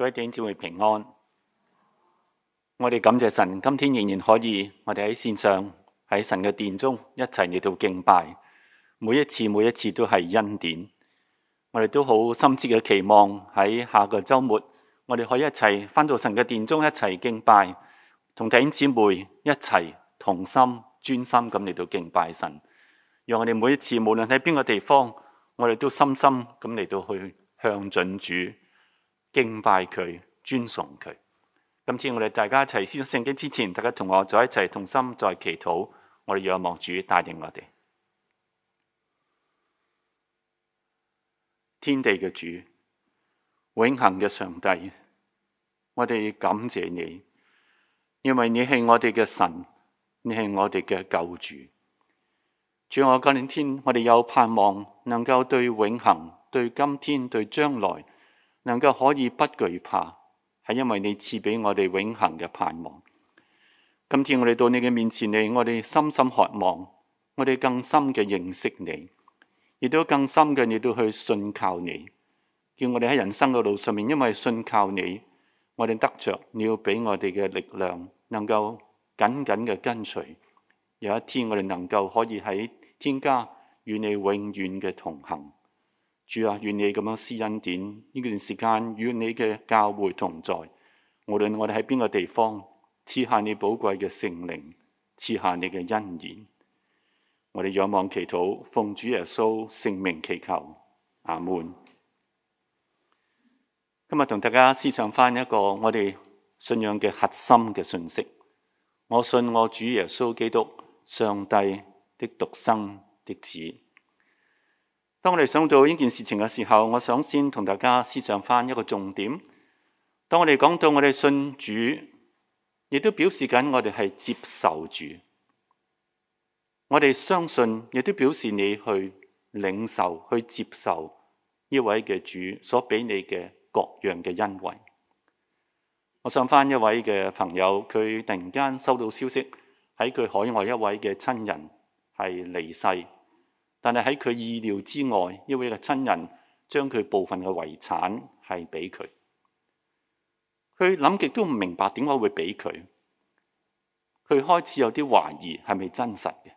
各位弟兄姊妹平安，我哋感謝神，今天仍然可以，我哋喺線上喺神嘅殿中一齊嚟到敬拜，每一次每一次都係恩典。我哋都好深切嘅期望喺下個周末，我哋可以一齊翻到神嘅殿中一齊敬拜，同弟兄姊妹一齊同心專心咁嚟到敬拜神，讓我哋每一次無論喺邊個地方，我哋都深深咁嚟到去向準主。敬拜佢，尊崇佢。今天我哋大家一齊先讀聖經之前，大家同我再一齊同心再祈禱，我哋仰望主帶領我哋。天地嘅主，永恆嘅上帝，我哋感謝你，因為你係我哋嘅神，你係我哋嘅救主。主，我今天我哋又盼望能夠對永恆、對今天、對將來。能夠可以不懼怕，係因為你賜俾我哋永恒嘅盼望。今天我哋到你嘅面前嚟，我哋深深渴望，我哋更深嘅認識你，亦都更深嘅你都去信靠你。叫我哋喺人生嘅路上面，因為信靠你，我哋得着你要俾我哋嘅力量，能夠緊緊嘅跟隨。有一天我哋能夠可以喺天家與你永遠嘅同行。主啊，願你咁樣施恩典，呢段時間與你嘅教會同在，無論我哋喺邊個地方，賜下你寶貴嘅聖靈，賜下你嘅恩典。我哋仰望祈禱，奉主耶穌聖名祈求，阿門。今日同大家思想翻，一個我哋信仰嘅核心嘅信息，我信我主耶穌基督，上帝的獨生的子。當我哋想到呢件事情嘅時候，我想先同大家思想翻一個重點。當我哋講到我哋信主，亦都表示緊我哋係接受主。我哋相信，亦都表示你去領受、去接受呢位嘅主所俾你嘅各樣嘅恩惠。我想翻一位嘅朋友，佢突然間收到消息，喺佢海外一位嘅親人係離世。但係喺佢意料之外，一位嘅親人將佢部分嘅遺產係俾佢。佢諗極都唔明白點解會俾佢，佢開始有啲懷疑係咪真實嘅？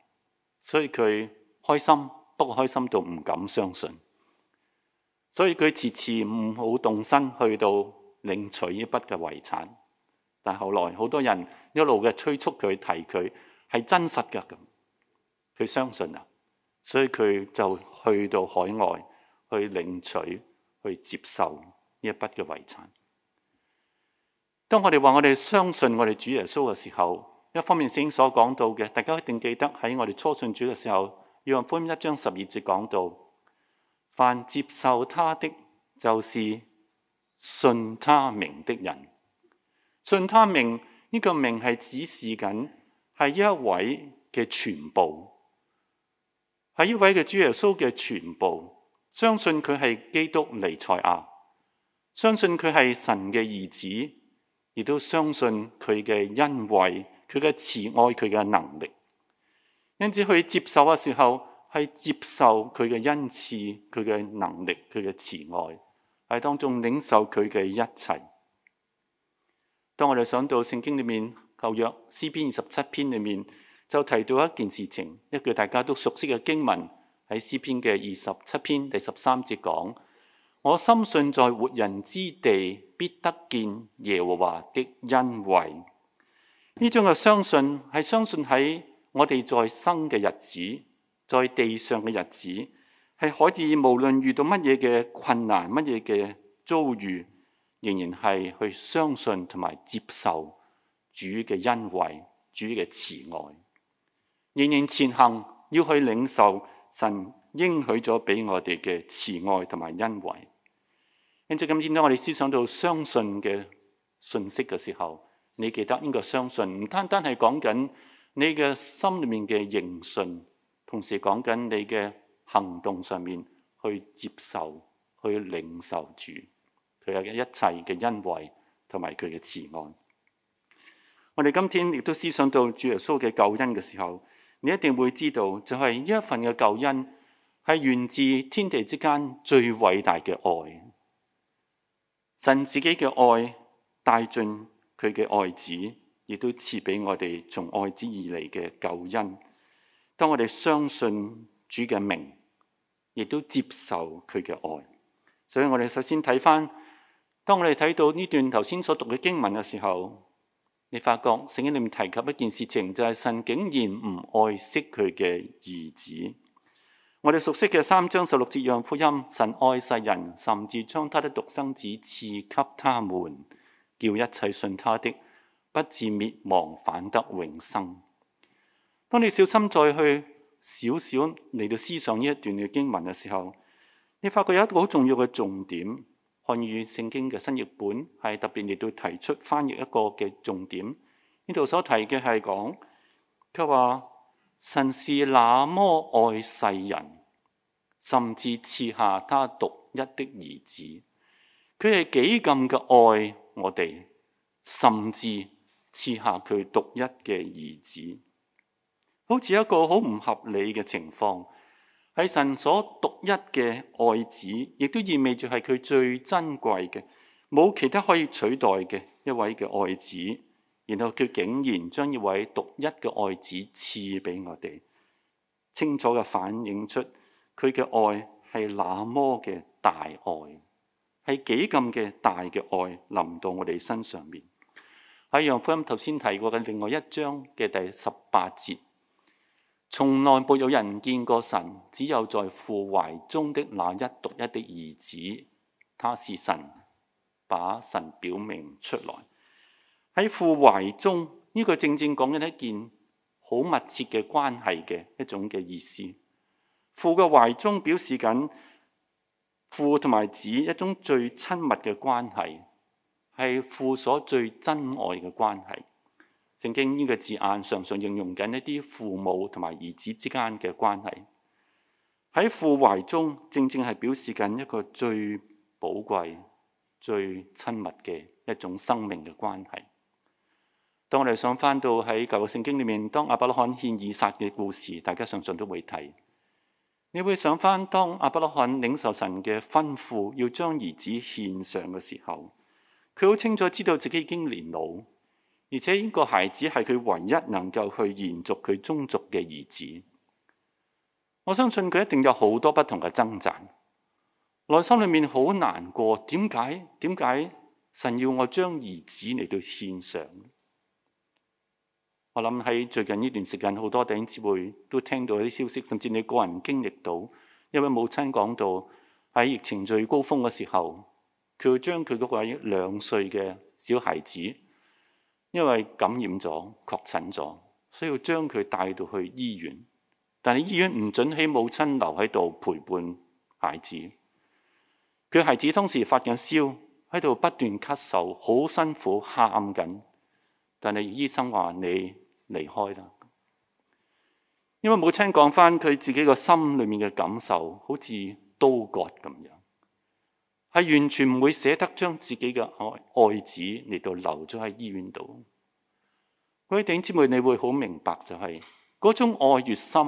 所以佢開心，不過開心到唔敢相信，所以佢遲遲唔好動身去到領取呢筆嘅遺產。但係後來好多人一路嘅催促佢，提佢係真實㗎，咁佢相信啊！所以佢就去到海外去領取、去接受呢一筆嘅遺產。當我哋話我哋相信我哋主耶穌嘅時候，一方面聖經所講到嘅，大家一定記得喺我哋初信主嘅時候，約翰福音一章十二節講到：凡接受他的，就是信他名的人。信他名呢個名係指示緊係呢一位嘅全部。喺呢位嘅主耶穌嘅全部，相信佢係基督尼賽亞，相信佢係神嘅兒子，亦都相信佢嘅恩惠、佢嘅慈愛、佢嘅能力。因此去接受嘅時候，係接受佢嘅恩賜、佢嘅能力、佢嘅慈愛，係當中領受佢嘅一切。當我哋想到聖經裏面舊約詩篇二十七篇裏面。就提到一件事情，一句大家都熟悉嘅經文喺詩篇嘅二十七篇第十三節講：我深信，在活人之地必得見耶和華的恩惠。呢種嘅相信係相信喺我哋在生嘅日子，在地上嘅日子，係可以無論遇到乜嘢嘅困難、乜嘢嘅遭遇，仍然係去相信同埋接受主嘅恩惠、主嘅慈愛。仍然前行，要去領受神應許咗俾我哋嘅慈愛同埋恩惠。因此今天當我哋思想到相信嘅信息嘅時候，你記得呢個相信唔單單係講緊你嘅心裏面嘅認信，同時講緊你嘅行動上面去接受、去領受主佢有一切嘅恩惠同埋佢嘅慈愛。我哋今天亦都思想到主耶穌嘅救恩嘅時候。你一定會知道，就係呢一份嘅救恩，係源自天地之間最偉大嘅愛，神自己嘅愛帶進佢嘅愛子，亦都賜俾我哋從愛子而嚟嘅救恩。當我哋相信主嘅名，亦都接受佢嘅愛，所以我哋首先睇翻，當我哋睇到呢段頭先所讀嘅經文嘅時候。你發覺聖經裏面提及一件事情，就係、是、神竟然唔愛惜佢嘅兒子。我哋熟悉嘅三章十六節約翰福音，神愛世人，甚至將他的獨生子賜給他們，叫一切信他的不至滅亡，反得永生。當你小心再去少少嚟到思想呢一段嘅經文嘅時候，你發覺有一個好重要嘅重點。漢語聖經嘅新譯本係特別亦都提出翻譯一個嘅重點。呢度所提嘅係講，佢話神是那麼愛世人，甚至賜下他獨一的兒子。佢係幾咁嘅愛我哋，甚至賜下佢獨一嘅兒子，好似一個好唔合理嘅情況。喺神所獨一嘅愛子，亦都意味住係佢最珍貴嘅，冇其他可以取代嘅一位嘅愛子。然後佢竟然將一位獨一嘅愛子賜俾我哋，清楚嘅反映出佢嘅愛係那麼嘅大愛，係幾咁嘅大嘅愛臨到我哋身上面。喺楊福音頭先提過嘅另外一章嘅第十八節。從來沒有人見過神，只有在父懷中的那一獨一的兒子，他是神，把神表明出來。喺父懷中，呢個正正講緊一件好密切嘅關係嘅一種嘅意思。父嘅懷中表示緊父同埋子一種最親密嘅關係，係父所最珍愛嘅關係。聖經呢個字眼常常形容緊一啲父母同埋兒子之間嘅關係，喺父懷中正正係表示緊一個最寶貴、最親密嘅一種生命嘅關係。當我哋想返到喺舊嘅聖經裏面，當亞伯拉罕獻以撒嘅故事，大家常常都會睇，你會想返當亞伯拉罕領受神嘅吩咐，要將兒子獻上嘅時候，佢好清楚知道自己已經年老。而且呢個孩子係佢唯一能夠去延續佢宗族嘅兒子，我相信佢一定有好多不同嘅掙扎，內心裏面好難過。點解？點解？神要我將兒子嚟到獻上？我諗喺最近呢段時間，好多弟兄姊妹都聽到啲消息，甚至你個人經歷到，一位母親講到喺疫情最高峰嘅時候，佢會將佢嗰個兩歲嘅小孩子。因為感染咗、確診咗，需要將佢帶到去醫院。但係醫院唔准許母親留喺度陪伴孩子。佢孩子當時發緊燒，喺度不斷咳嗽，好辛苦，喊緊。但係醫生話你離開啦。因為母親講返佢自己個心裡面嘅感受，好似刀割咁樣。係完全唔會捨得將自己嘅愛子嚟到留咗喺醫院度。各位弟兄姊妹，你會好明白就係、是、嗰種愛越深，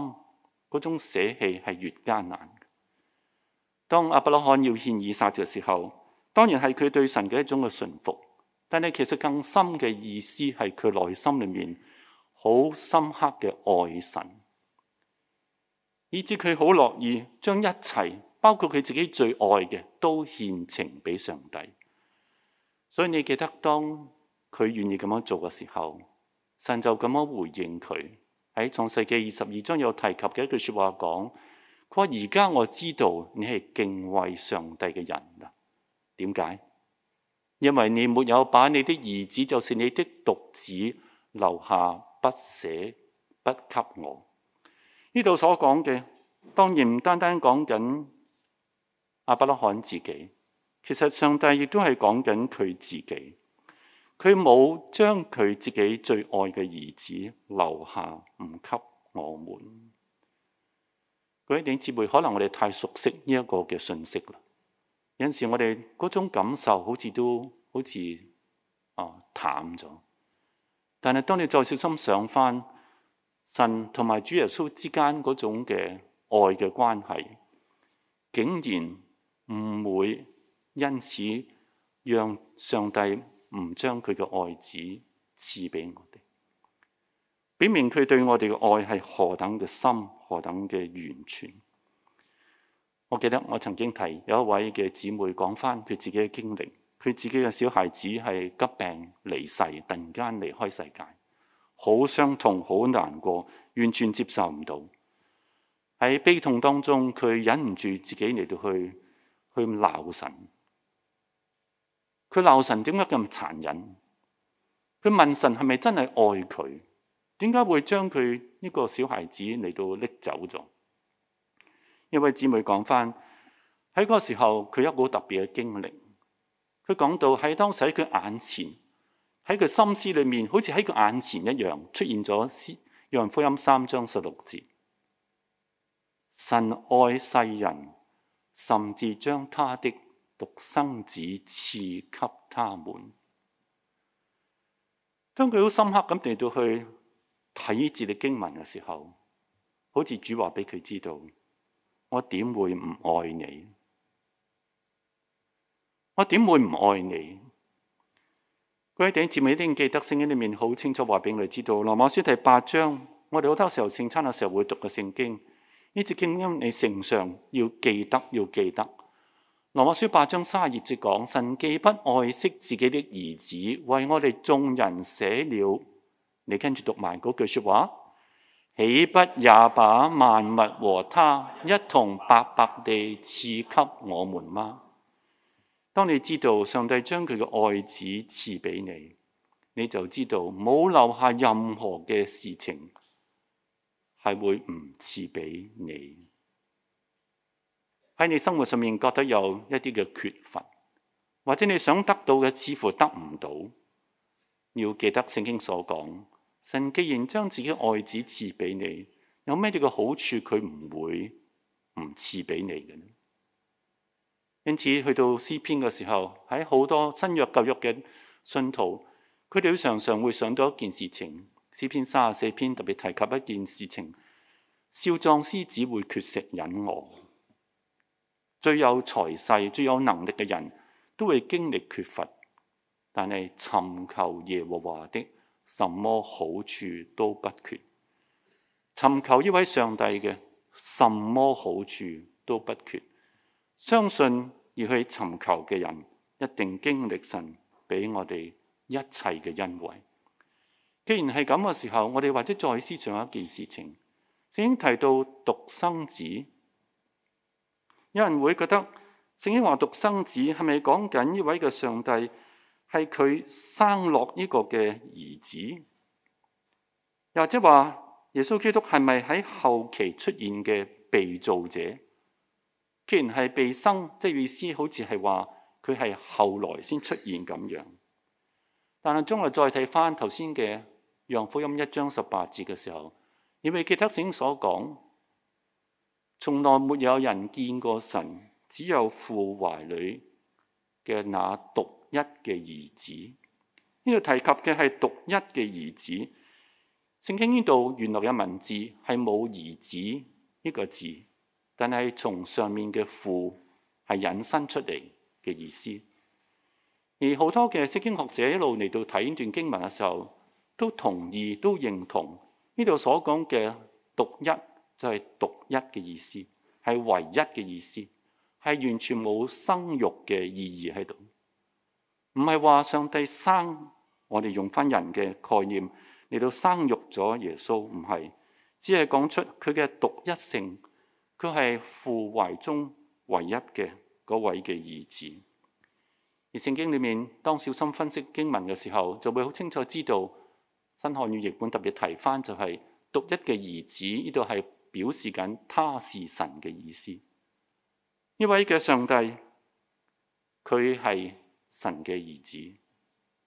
嗰種捨棄係越艱難。當阿伯拉罕要獻以撒嘅時候，當然係佢對神嘅一種嘅順服，但係其實更深嘅意思係佢內心裡面好深刻嘅愛神，以至佢好樂意將一切。包括佢自己最愛嘅，都獻呈俾上帝。所以你記得，當佢願意咁樣做嘅時候，神就咁樣回應佢。喺創世紀二十二章有提及嘅一句說話，講佢話：而家我知道你係敬畏上帝嘅人啦。點解？因為你沒有把你的兒子，就是你的獨子，留下不捨不給我。呢度所講嘅，當然唔單單講緊。亞伯拉罕自己，其實上帝亦都係講緊佢自己，佢冇將佢自己最愛嘅兒子留下唔給我們。各位弟兄姊妹，可能我哋太熟悉呢一個嘅信息啦，有陣時我哋嗰種感受好似都好似哦、啊、淡咗。但係當你再小心想翻，神同埋主耶穌之間嗰種嘅愛嘅關係，竟然。唔會因此讓上帝唔將佢嘅愛子賜俾我哋，表明佢對我哋嘅愛係何等嘅深，何等嘅完全。我記得我曾經提有一位嘅姊妹講翻佢自己嘅經歷，佢自己嘅小孩子係急病離世，突然間離開世界，好傷痛，好難過，完全接受唔到。喺悲痛當中，佢忍唔住自己嚟到去。佢鬧神，佢鬧神點解咁殘忍？佢問神係咪真係愛佢？點解會將佢呢個小孩子嚟到拎走咗？一位姊妹講翻喺嗰個時候，佢一個好特別嘅經歷。佢講到喺當時喺佢眼前，喺佢心思裏面，好似喺佢眼前一樣出現咗《約翰福音》三章十六節：神愛世人。甚至將他的獨生子賜給他們。當佢好深刻咁嚟到去睇字嘅經文嘅時候，好似主話俾佢知道：我點會唔愛你？我點會唔愛你？佢喺頂字咪一定記得聖經裏面好清楚話俾我哋知道，《羅馬書》第八章，我哋好多時候聖餐嘅時候會讀嘅聖經。呢節經文，你成常要記得，要記得。羅馬書八章三十二節講：神既不愛惜自己的兒子，為我哋眾人捨了，你跟住讀埋嗰句説話，豈 不也把萬物和他一同白白地賜給我們嗎？當你知道上帝將佢嘅愛子賜俾你，你就知道冇留下任何嘅事情。係會唔賜俾你？喺你生活上面覺得有一啲嘅缺乏，或者你想得到嘅似乎得唔到，你要記得聖經所講，神既然將自己愛子賜俾你，有咩嘢嘅好處佢唔會唔賜俾你嘅呢？因此去到詩篇嘅時候，喺好多新約舊約嘅信徒，佢哋常常會想到一件事情。詩篇三十四篇特別提及一件事情：少壯獅子會缺食忍餓。最有才勢、最有能力嘅人都會經歷缺乏，但係尋求耶和華的，什麼好處都不缺；尋求呢位上帝嘅，什麼好處都不缺。相信而去尋求嘅人，一定經歷神俾我哋一切嘅恩惠。既然係咁嘅時候，我哋或者再思想一件事情。聖經提到獨生子，有人會覺得聖經話獨生子係咪講緊呢位嘅上帝係佢生落呢個嘅兒子？又或者話耶穌基督係咪喺後期出現嘅被造者？既然係被生，即係意思好似係話佢係後來先出現咁樣。但係將來再睇返頭先嘅。讓福音一章十八節嘅時候，你未記得聖經所講，從來沒有人見過神，只有父懷裡嘅那獨一嘅兒子。呢度提及嘅係獨一嘅兒子。聖經呢度原來嘅文字係冇兒子呢個字，但係從上面嘅父係引申出嚟嘅意思。而好多嘅聖經學者一路嚟到睇呢段經文嘅時候，都同意，都認同呢度所講嘅獨一就係、是、獨一嘅意思，係唯一嘅意思，係完全冇生育嘅意義喺度。唔係話上帝生我哋用翻人嘅概念嚟到生育咗耶穌，唔係，只係講出佢嘅獨一性，佢係父懷中唯一嘅嗰位嘅兒子。而聖經裏面當小心分析經文嘅時候，就會好清楚知道。新漢語譯本特別提返就係、是、獨一嘅兒子，呢度係表示緊他是神嘅意思。呢位嘅上帝，佢係神嘅兒子，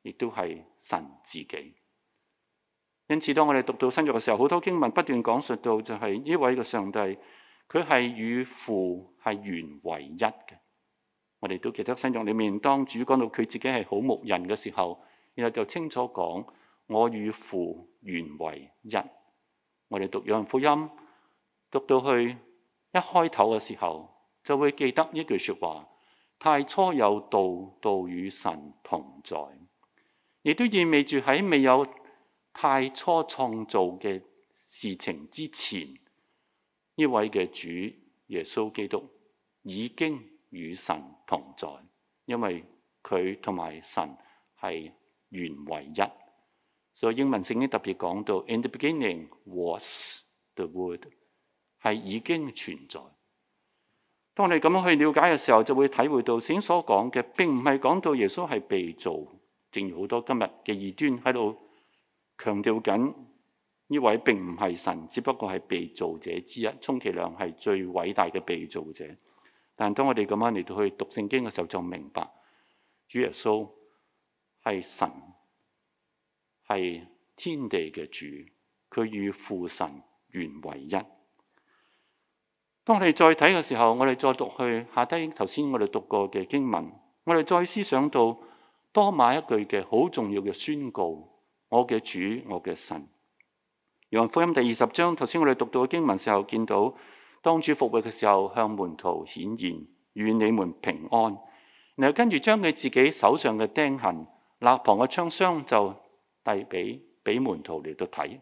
亦都係神自己。因此，當我哋讀到新約嘅時候，好多經文不斷講述到就係、是、呢位嘅上帝，佢係與父係原為一嘅。我哋都記得新約裏面，當主講到佢自己係好牧人嘅時候，然後就清楚講。我與父原為一。我哋讀《約翰福音》，讀到去一開頭嘅時候，就會記得呢句説話：太初有道，道與神同在。亦都意味住喺未有太初創造嘅事情之前，呢位嘅主耶穌基督已經與神同在，因為佢同埋神係原為一。所以、so，英文聖經特別講到，In the beginning was the Word，係已經存在。當你咁樣去了解嘅時候，就會體會到聖經所講嘅並唔係講到耶穌係被造，正如好多今日嘅異端喺度強調緊，呢位並唔係神，只不過係被造者之一，充其量係最偉大嘅被造者。但當我哋咁樣嚟到去讀聖經嘅時候，就明白主耶穌係神。係天地嘅主，佢與父神原為一。當我哋再睇嘅時候，我哋再讀去下低頭先，我哋讀過嘅經文，我哋再思想到多馬一句嘅好重要嘅宣告：我嘅主，我嘅神。《約翰福音》第二十章，頭先我哋讀到嘅經文時候，見到當主復活嘅時候，向門徒顯現，與你們平安。然後跟住將佢自己手上嘅釘痕、肋旁嘅槍傷就。係俾門徒嚟到睇，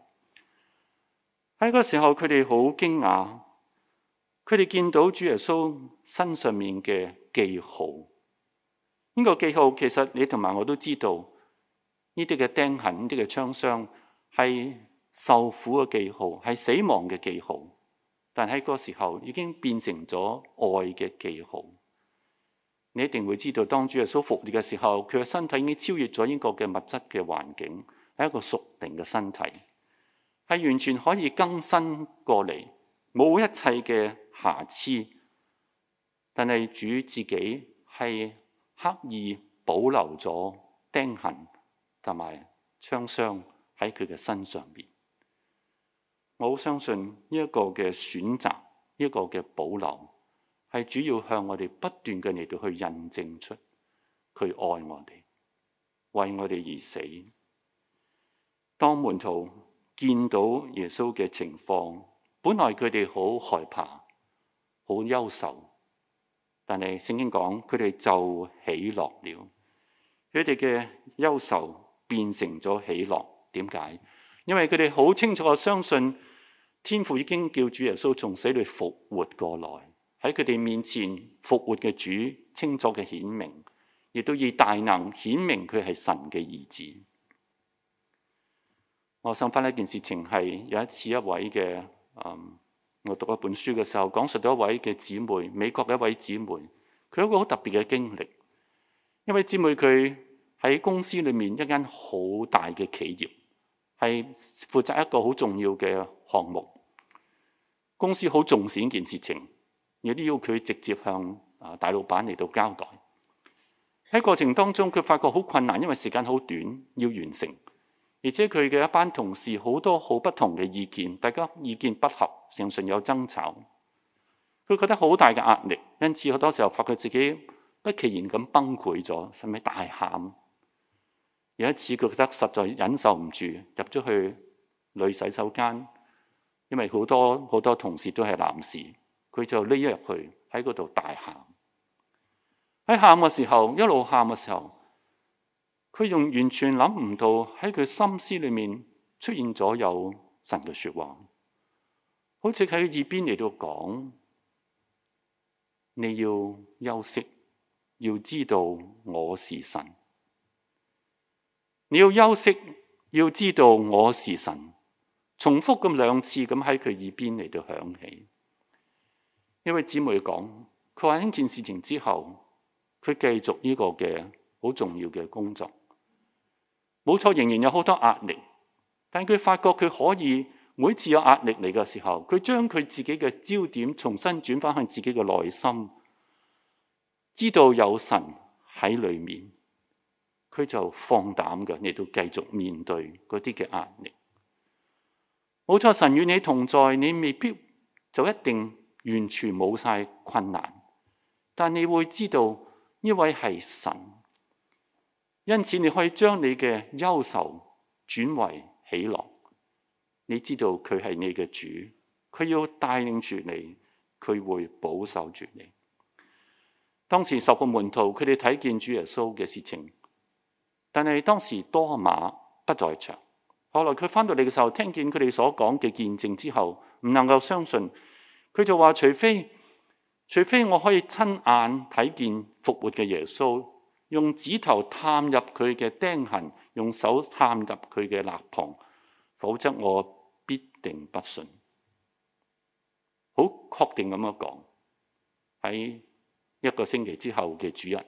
喺個時候佢哋好驚訝，佢哋見到主耶穌身上面嘅記號。呢個記號其實你同埋我都知道，呢啲嘅釘痕、呢啲嘅槍傷係受苦嘅記號，係死亡嘅記號。但喺個時候已經變成咗愛嘅記號。你一定會知道，當主耶穌復活嘅時候，佢嘅身體已經超越咗呢個嘅物質嘅環境。係一個屬定嘅身體，係完全可以更新過嚟，冇一切嘅瑕疵。但係主自己係刻意保留咗釘痕同埋槍傷喺佢嘅身上邊。我好相信呢一個嘅選擇，呢、這、一個嘅保留，係主要向我哋不斷嘅嚟到去印證出佢愛我哋，為我哋而死。當門徒見到耶穌嘅情況，本來佢哋好害怕、好憂愁，但係聖經講佢哋就喜樂了。佢哋嘅憂愁變成咗喜樂，點解？因為佢哋好清楚相信天父已經叫主耶穌從死裏復活過來，喺佢哋面前復活嘅主，清楚嘅顯明，亦都以大能顯明佢係神嘅兒子。我想翻呢件事情係，有一次一位嘅，嗯，我讀一本書嘅時候，講述到一位嘅姊妹，美國嘅一位姊妹，佢有一個好特別嘅經歷。一位姊妹佢喺公司裏面一間好大嘅企業，係負責一個好重要嘅項目。公司好重視呢件事情，亦都要佢直接向啊大老闆嚟到交代。喺過程當中，佢發覺好困難，因為時間好短，要完成。而且佢嘅一班同事好多好不同嘅意見，大家意見不合，常常有爭吵。佢覺得好大嘅壓力，因此好多時候發覺自己不其然咁崩潰咗，甚至大喊。有一次佢覺得實在忍受唔住，入咗去女洗手間，因為好多好多同事都係男士，佢就匿咗入去喺嗰度大喊。喺喊嘅時候，一路喊嘅時候。佢用完全諗唔到喺佢心思裏面出現咗有神嘅說話，好似喺佢耳邊嚟到講：你要休息，要知道我是神。你要休息，要知道我是神。重複咁兩次咁喺佢耳邊嚟到響起。呢位姊妹講：佢話呢件事情之後，佢繼續呢個嘅好重要嘅工作。冇錯，仍然有好多壓力，但佢發覺佢可以每次有壓力嚟嘅時候，佢將佢自己嘅焦點重新轉翻向自己嘅內心，知道有神喺裏面，佢就放膽嘅嚟到繼續面對嗰啲嘅壓力。冇錯，神與你同在，你未必就一定完全冇晒困難，但你會知道呢位係神。因此你可以將你嘅憂愁轉為喜樂。你知道佢係你嘅主，佢要帶領住你，佢會保守住你。當時十個門徒佢哋睇見主耶穌嘅事情，但係當時多馬不在場。後來佢翻到嚟嘅時候，聽見佢哋所講嘅見證之後，唔能夠相信，佢就話：除非，除非我可以親眼睇見復活嘅耶穌。用指頭探入佢嘅釘痕，用手探入佢嘅肋旁，否則我必定不信。好確定咁樣講。喺一個星期之後嘅主日，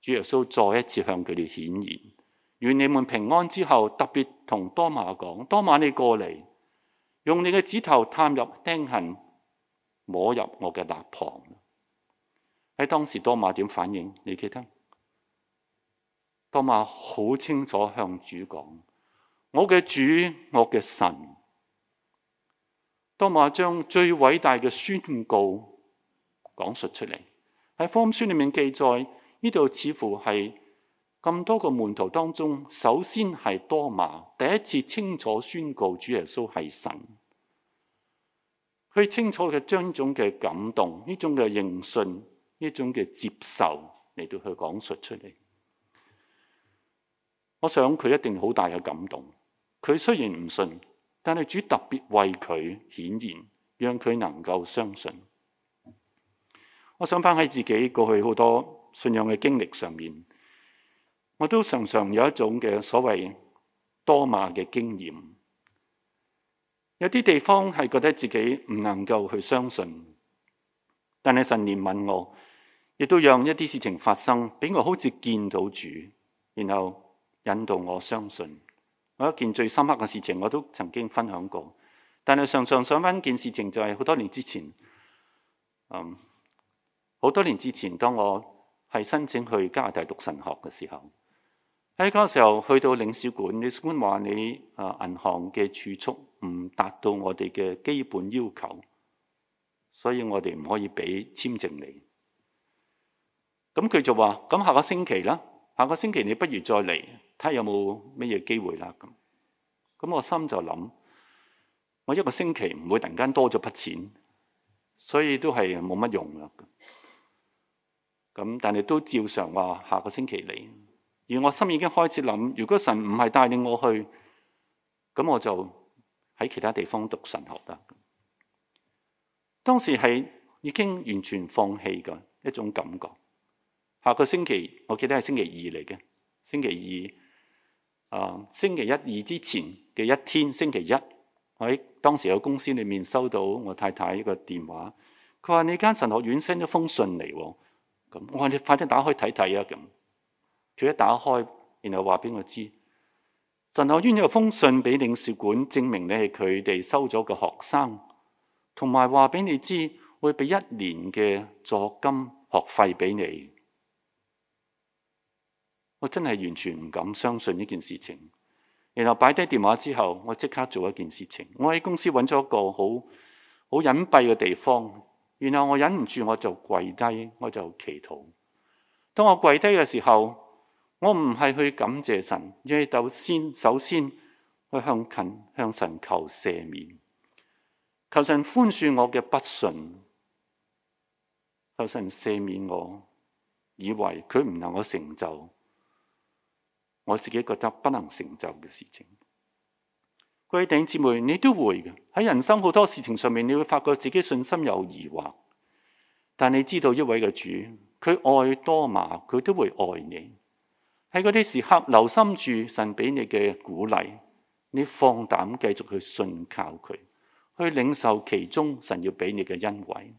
主耶穌再一次向佢哋顯現，願你們平安之後，特別同多馬講：多馬，你過嚟，用你嘅指頭探入釘痕，摸入我嘅肋旁。喺當時多馬點反應？你記得？多馬好清楚向主講：我嘅主，我嘅神。多馬將最偉大嘅宣告講述出嚟，喺福音書裏面記載呢度似乎係咁多個門徒當中，首先係多馬第一次清楚宣告主耶穌係神。佢清楚嘅，將種嘅感動，呢種嘅認信，呢種嘅接受嚟到去講述出嚟。我想佢一定好大嘅感動。佢雖然唔信，但係主特別為佢顯現，讓佢能夠相信。我想翻喺自己過去好多信仰嘅經歷上面，我都常常有一種嘅所謂多馬嘅經驗。有啲地方係覺得自己唔能夠去相信，但係神憐憫我，亦都讓一啲事情發生，俾我好似見到主，然後。引導我相信，我一件最深刻嘅事情我都曾經分享過。但係常常想翻件事情，就係好多年之前，嗯，好多年之前，當我係申請去加拿大讀神學嘅時候，喺嗰個時候去到領事館，領事館話，你啊，銀行嘅儲蓄唔達到我哋嘅基本要求，所以我哋唔可以俾簽證你。咁佢就話：咁下個星期啦，下個星期你不如再嚟。睇下有冇乜嘢機會啦，咁咁我心就諗，我一個星期唔會突然間多咗筆錢，所以都係冇乜用啦。咁但係都照常話下個星期嚟，而我心已經開始諗，如果神唔係帶領我去，咁我就喺其他地方讀神學啦。當時係已經完全放棄嘅一種感覺。下個星期我記得係星期二嚟嘅，星期二。啊！星期一、二之前嘅一天，星期一我當時喺公司裏面收到我太太一個電話，佢話你間神學院 send 咗封信嚟，哦，咁我話你快啲打開睇睇啊！咁佢一打開，然後話俾我知，神學院有封信俾領事館，證明你係佢哋收咗嘅學生，同埋話俾你知會俾一年嘅助學金學費俾你。我真係完全唔敢相信呢件事情。然後擺低電話之後，我即刻做一件事情。情我喺公司揾咗一個好好隱蔽嘅地方。然後我忍唔住，我就跪低，我就祈禱。當我跪低嘅時候，我唔係去感謝神，而係先首先去向近向神求赦免，求神寬恕我嘅不信，求神赦免我以為佢唔能夠成就。我自己覺得不能成就嘅事情，各位弟兄姊妹，你都會嘅喺人生好多事情上面，你會發覺自己信心有疑惑，但你知道一位嘅主，佢愛多馬，佢都會愛你。喺嗰啲時刻留心住神俾你嘅鼓勵，你放膽繼續去信靠佢，去領受其中神要俾你嘅恩惠。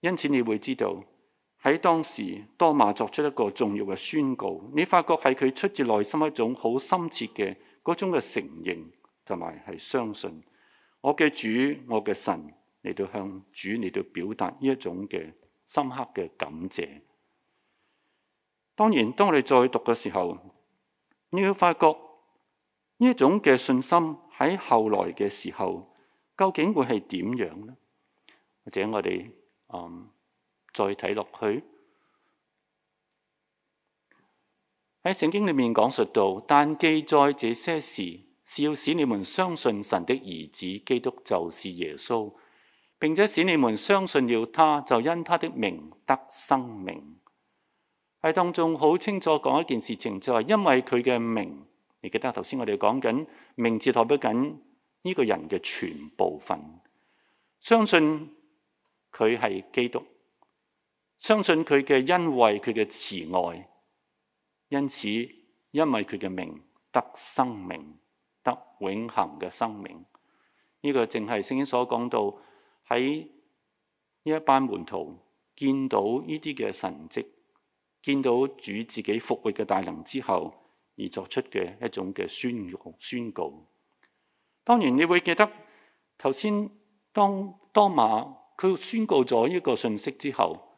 因此你會知道。喺當時，多馬作出一個重要嘅宣告。你發覺係佢出自內心一種好深切嘅嗰種嘅承認同埋係相信我嘅主，我嘅神嚟到向主嚟到表達呢一種嘅深刻嘅感謝。當然，當你再讀嘅時候，你要發覺呢一種嘅信心喺後來嘅時候，究竟會係點樣呢？或者我哋嗯？再睇落去喺聖經裏面講述到，但記載這些事是要使你們相信神的兒子基督就是耶穌，並且使你們相信了他，就因他的名得生命。喺當中好清楚講一件事情，就係因為佢嘅名，你記得啊？頭先我哋講緊名字代表緊呢個人嘅全部份，相信佢係基督。相信佢嘅恩惠，佢嘅慈愛，因此因為佢嘅名，得生命，得永恆嘅生命。呢個正係聖經所講到喺呢一班門徒見到呢啲嘅神蹟，見到主自己復活嘅大能之後而作出嘅一種嘅宣告。宣告。當然你會記得頭先當當馬佢宣告咗呢個訊息之後。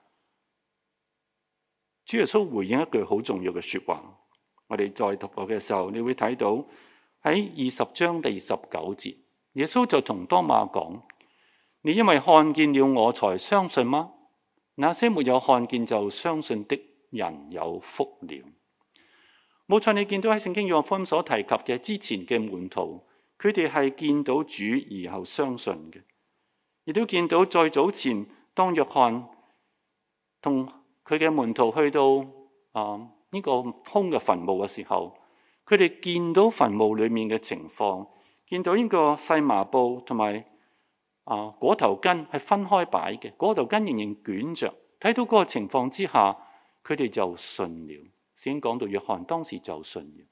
主耶穌回應一句好重要嘅說話，我哋在讀過嘅時候，你會睇到喺二十章第二十九節，耶穌就同多馬講：你因為看見了我才相信嗎？那些沒有看見就相信的人有福了。冇錯，你見到喺聖經約翰所提及嘅之前嘅門徒，佢哋係見到主而後相信嘅，亦都見到再早前當約翰同，佢嘅門徒去到啊呢、呃呢個空嘅墳墓嘅時候，佢哋見到墳墓裡面嘅情況，見到呢個細麻布同埋啊果頭巾係分開擺嘅，果頭巾仍然捲着。睇到嗰個情況之下，佢哋就信了。先講到約翰當時就信了。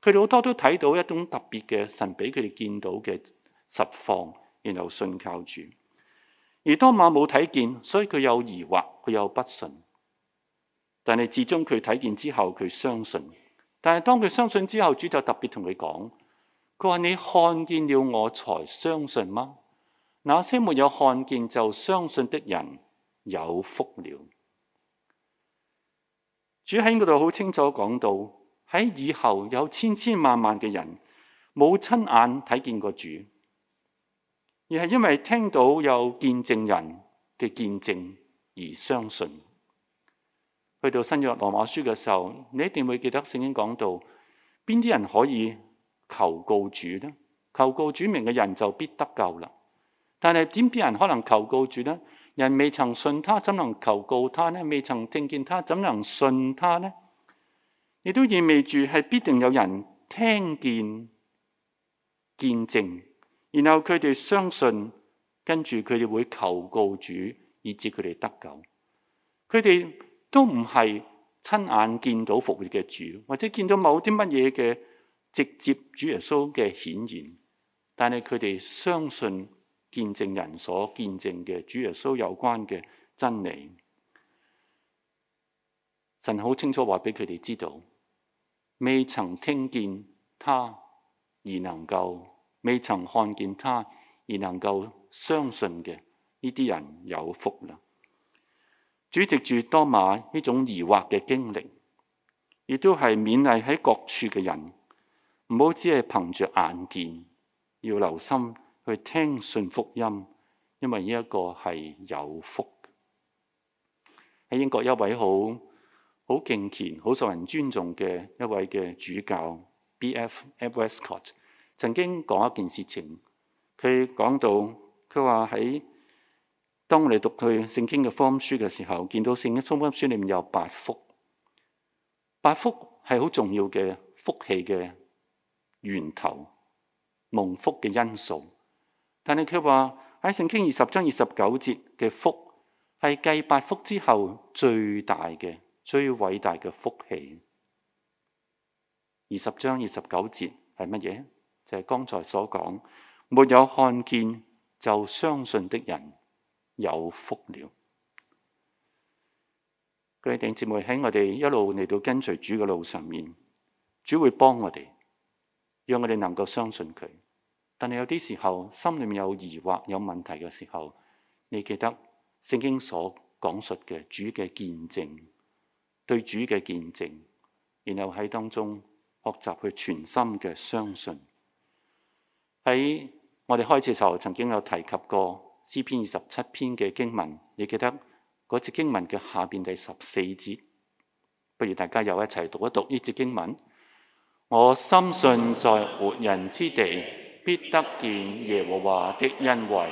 佢哋好多都睇到一種特別嘅神俾佢哋見到嘅實況，然後信靠主。而多馬冇睇見，所以佢有疑惑，佢有不信。但係，至終佢睇見之後，佢相信。但係，當佢相信之後，主就特別同佢講：佢話你看見了我才相信嗎？那些沒有看見就相信的人有福了。主喺嗰度好清楚講到：喺以後有千千萬萬嘅人冇親眼睇見過主，而係因為聽到有見證人嘅見證而相信。去到新約羅馬書嘅時候，你一定會記得聖經講到邊啲人可以求告主呢？求告主名嘅人就必得救啦。但係點啲人可能求告主呢？人未曾信他，怎能求告他呢？未曾聽見他，怎能信他呢？亦都意味住係必定有人聽見見證，然後佢哋相信，跟住佢哋會求告主，以致佢哋得救。佢哋都唔係親眼見到復活嘅主，或者見到某啲乜嘢嘅直接主耶穌嘅顯現，但係佢哋相信見證人所見證嘅主耶穌有關嘅真理，神好清楚話俾佢哋知道，未曾聽見他而能夠，未曾看見他而能夠相信嘅呢啲人有福啦。主席住多馬呢種疑惑嘅經歷，亦都係勉勵喺各處嘅人，唔好只係憑著眼見，要留心去聽信福音，因為呢一個係有福嘅。喺英國一位好好敬虔、好受人尊重嘅一位嘅主教 B.F. Westcott 曾經講一件事情，佢講到佢話喺。當你讀佢聖經嘅福音書嘅時候，見到聖經福音書裏面有八福，八福係好重要嘅福氣嘅源頭，蒙福嘅因素。但係佢話喺聖經二十章二十九節嘅福係繼八福之後最大嘅，最偉大嘅福氣。二十章二十九節係乜嘢？就係、是、剛才所講，沒有看見就相信的人。有福了，各位弟兄姊妹。喺我哋一路嚟到跟隨主嘅路上面，主會幫我哋，讓我哋能夠相信佢。但係有啲時候心裏面有疑惑、有問題嘅時候，你記得聖經所講述嘅主嘅見證，對主嘅見證，然後喺當中學習去全心嘅相信。喺我哋開始時候曾經有提及過。詩篇二十七篇嘅經文，你記得嗰節經文嘅下邊第十四節，不如大家又一齊讀一讀呢節經文。我深信在活人之地必得見耶和華的恩惠，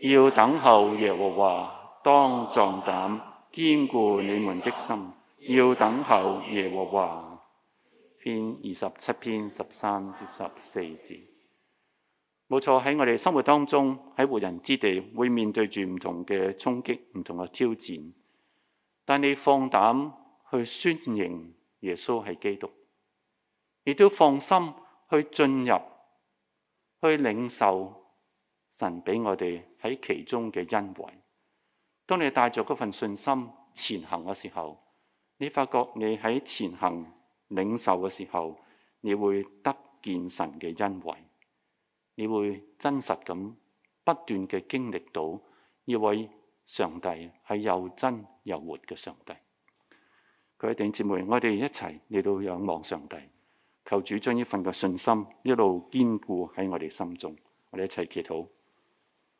要等候耶和華，當壯膽，堅固你們的心。要等候耶和華。篇二十七篇十三至十四節。冇錯，喺我哋生活當中，喺活人之地，會面對住唔同嘅衝擊、唔同嘅挑戰。但你放膽去宣認耶穌係基督，亦都放心去進入、去領受神俾我哋喺其中嘅恩惠。當你帶着嗰份信心前行嘅時候，你發覺你喺前行、領受嘅時候，你會得見神嘅恩惠。你會真實咁不斷嘅經歷到，呢位上帝係又真又活嘅上帝。各位弟兄姊妹，我哋一齊嚟到仰望上帝，求主將呢份嘅信心一路堅固喺我哋心中。我哋一齊祈禱。